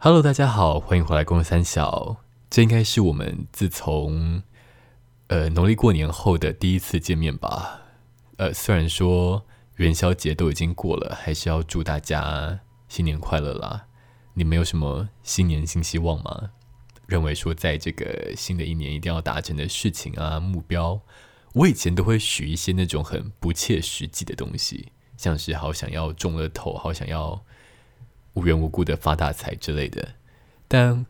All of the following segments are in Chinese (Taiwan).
Hello，大家好，歡迎回來《公公三小》。這應該是我們自從呃農曆過年後的第一次見面吧？呃，雖然說元宵節都已經過了，還是要祝大家新年快樂啦！你們有什麼新年新希望嗎？認為說在這個新的一年一定要達成的事情啊目標，我以前都會許一些那種很不切實際的東西，像是好想要中了頭，好想要。無緣無故的發大財之類的，但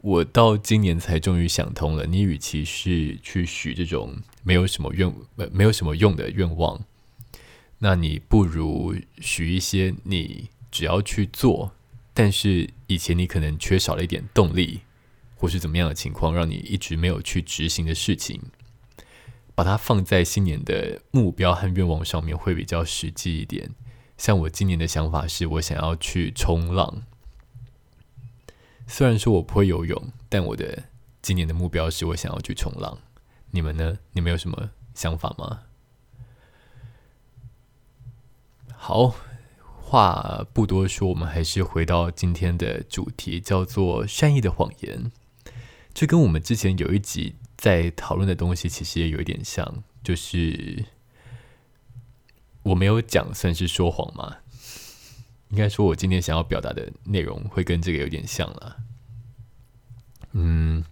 我到今年才終於想通了。你與其是去許這種沒有什麼願、呃、沒有什麼用的願望，那你不如許一些你只要去做，但是以前你可能缺少了一點動力，或是怎麼樣的情況，讓你一直沒有去執行的事情，把它放在新年的目標和願望上面，會比較實際一點。像我今年的想法是我想要去衝浪，雖然說我不會游泳，但我的今年的目標是我想要去衝浪。你們呢？你們有什麼想法嗎？好，話不多說，我們還是回到今天的主題，叫做善意的謊言。這跟我們之前有一集在討論的東西其實也有一點像，就是。我沒有講，算是說謊嗎？應該說，我今天想要表達的內容會跟這個有點像了。嗯，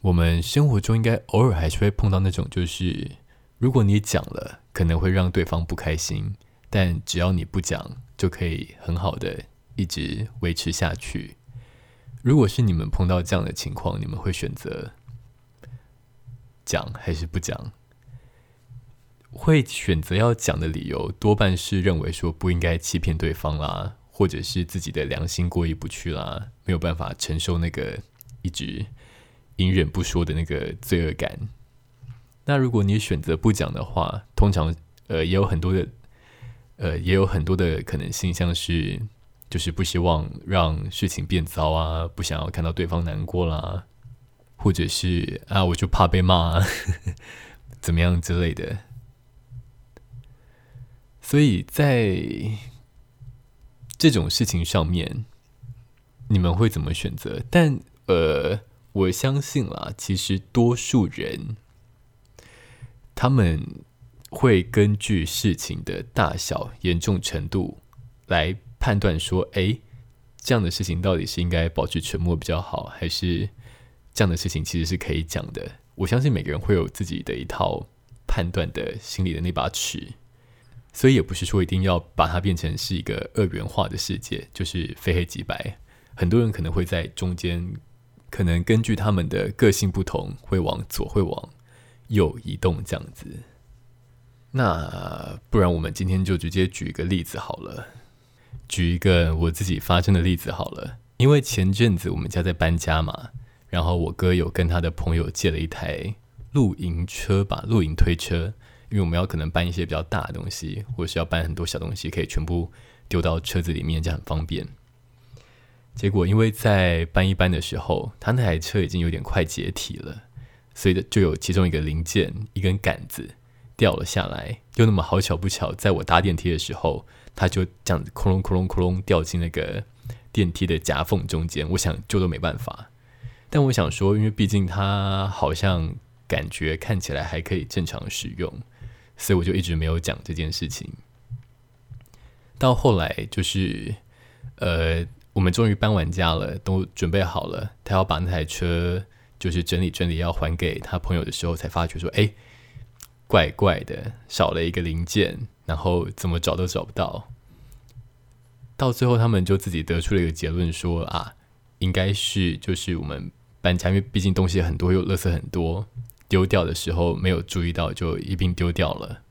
我們生活中應該偶爾還是會碰到那種，就是如果你講了，可能會讓對方不開心；但只要你不講，就可以很好的一直維持下去。如果是你們碰到這樣的情況，你們會選擇講還是不講？會選擇要講的理由，多半是認為說不應該欺騙對方啦，或者是自己的良心過意不去啦，沒有辦法承受那個一直隱忍不說的那個罪惡感。那如果你選擇不講的話，通常呃也有很多的，呃也有很多的可能性，像是就是不希望讓事情變糟啊，不想要看到對方難過啦，或者是啊我就怕被罵啊，呵呵，怎麼樣之類的。所以在這種事情上面，你們會怎麼選擇？但呃，我相信啊，其實多數人他們會根據事情的大小、嚴重程度來判斷，說，哎，這樣的事情到底是應該保持沉默比較好，還是這樣的事情其實是可以講的？我相信每個人會有自己的一套判斷的心裡的那把尺。所以也不是說一定要把它變成是一個二元化的世界，就是非黑即白。很多人可能會在中間，可能根據他們的個性不同，會往左會往右移動這樣子。那不然我們今天就直接舉一個例子好了，舉一個我自己發生的例子好了。因為前陣子我們家在搬家嘛，然後我哥有跟他的朋友借了一台露營車吧，露營推車。因為我們要可能搬一些比較大的東西，或者是要搬很多小東西，可以全部丟到車子裡面，這樣很方便。結果因為在搬一搬的時候，他那台車已經有點快解體了，所以就有其中一個零件一根桿子掉了下來。就那麼好巧不巧，在我搭電梯的時候，它就這樣哐隆哐隆哐隆掉進那個電梯的夾縫中間。我想救都沒辦法，但我想說，因為畢竟它好像感覺看起來還可以正常使用。所以我就一直沒有講這件事情。到後來就是，呃，我們終於搬完家了，都準備好了，他要把那台車就是整理整理，要還給他朋友的時候，才發覺說，哎，怪怪的，少了一個零件，然後怎麼找都找不到。到最後，他們就自己得出了一個結論說，說啊，應該是就是我們搬家，因為畢竟東西很多，又垃圾很多。丟掉的時候沒有注意到，就一併丟掉了。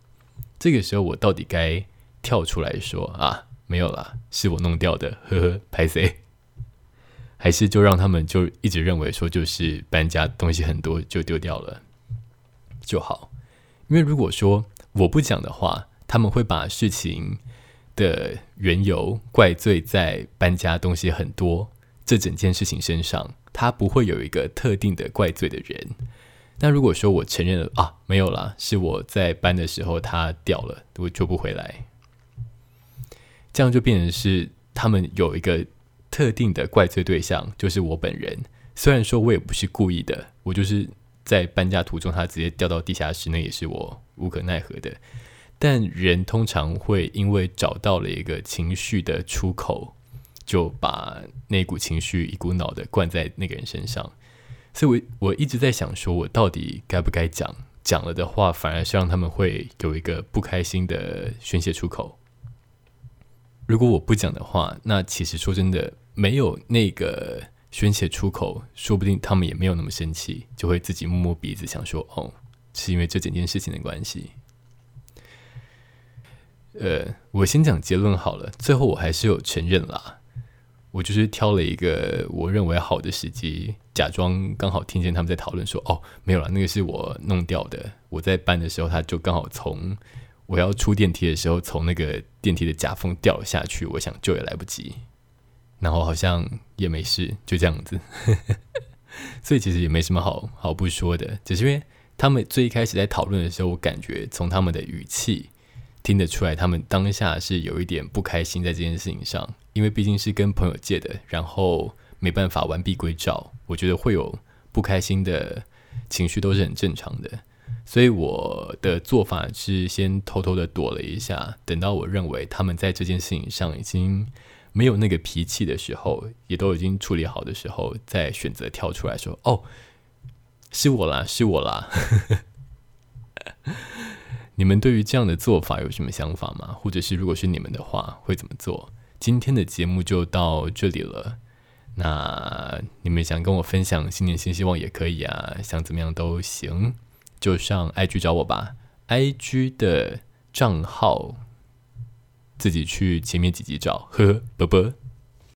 這個時候我到底該跳出來說啊，沒有啦，是我弄掉的，呵呵，拍謝？還是就讓他們就一直認為說就是搬家東西很多就丟掉了就好？因為如果說我不講的話，他們會把事情的緣由怪罪在搬家東西很多這整件事情身上，他不會有一個特定的怪罪的人。那如果說我承認了啊，沒有啦。是我在搬的時候它掉了，我救不回來。這樣就變成是他們有一個特定的怪罪對象，就是我本人。雖然說我也不是故意的，我就是在搬家途中它直接掉到地下室，那也是我無可奈何的。但人通常會因為找到了一個情緒的出口，就把那股情緒一股腦的灌在那個人身上。所以我，我我一直在想，說我到底該不該講？講了的話，反而是讓他們會有一個不開心的宣洩出口。如果我不講的話，那其實說真的，沒有那個宣洩出口，說不定他們也沒有那麼生氣，就會自己摸摸鼻子，想說：“哦，是因為這整件事情的關係。”呃，我先講結論好了，最後我還是有承認啦。我就是挑了一個我認為好的時機，假裝剛好聽見他們在討論說：“哦，沒有了，那個是我弄掉的。我在搬的時候，他就剛好從我要出電梯的時候，從那個電梯的夾縫掉了下去。我想救也來不及，然後好像也沒事，就這樣子。 所以其實也沒什麼好好不說的，只是因為他們最一開始在討論的時候，我感覺從他們的語氣聽得出來，他們當下是有一點不開心在這件事情上。”因為畢竟是跟朋友借的，然後沒辦法完璧歸趙，我覺得會有不開心的情緒，都是很正常的。所以我的做法是先偷偷的躲了一下，等到我認為他們在這件事情上已經沒有那個脾氣的時候，也都已經處理好的時候，再選擇跳出來說：“哦，是我啦，是我啦。 ”你們對於這樣的做法有什麼想法嗎？或者是如果是你們的話，會怎麼做？今天的節目就到這裡了，那你們想跟我分享新年新希望也可以啊，想怎麼樣都行，就上 IG 找我吧，IG 的賬號自己去前面幾集找，呵呵，拜拜。拜拜。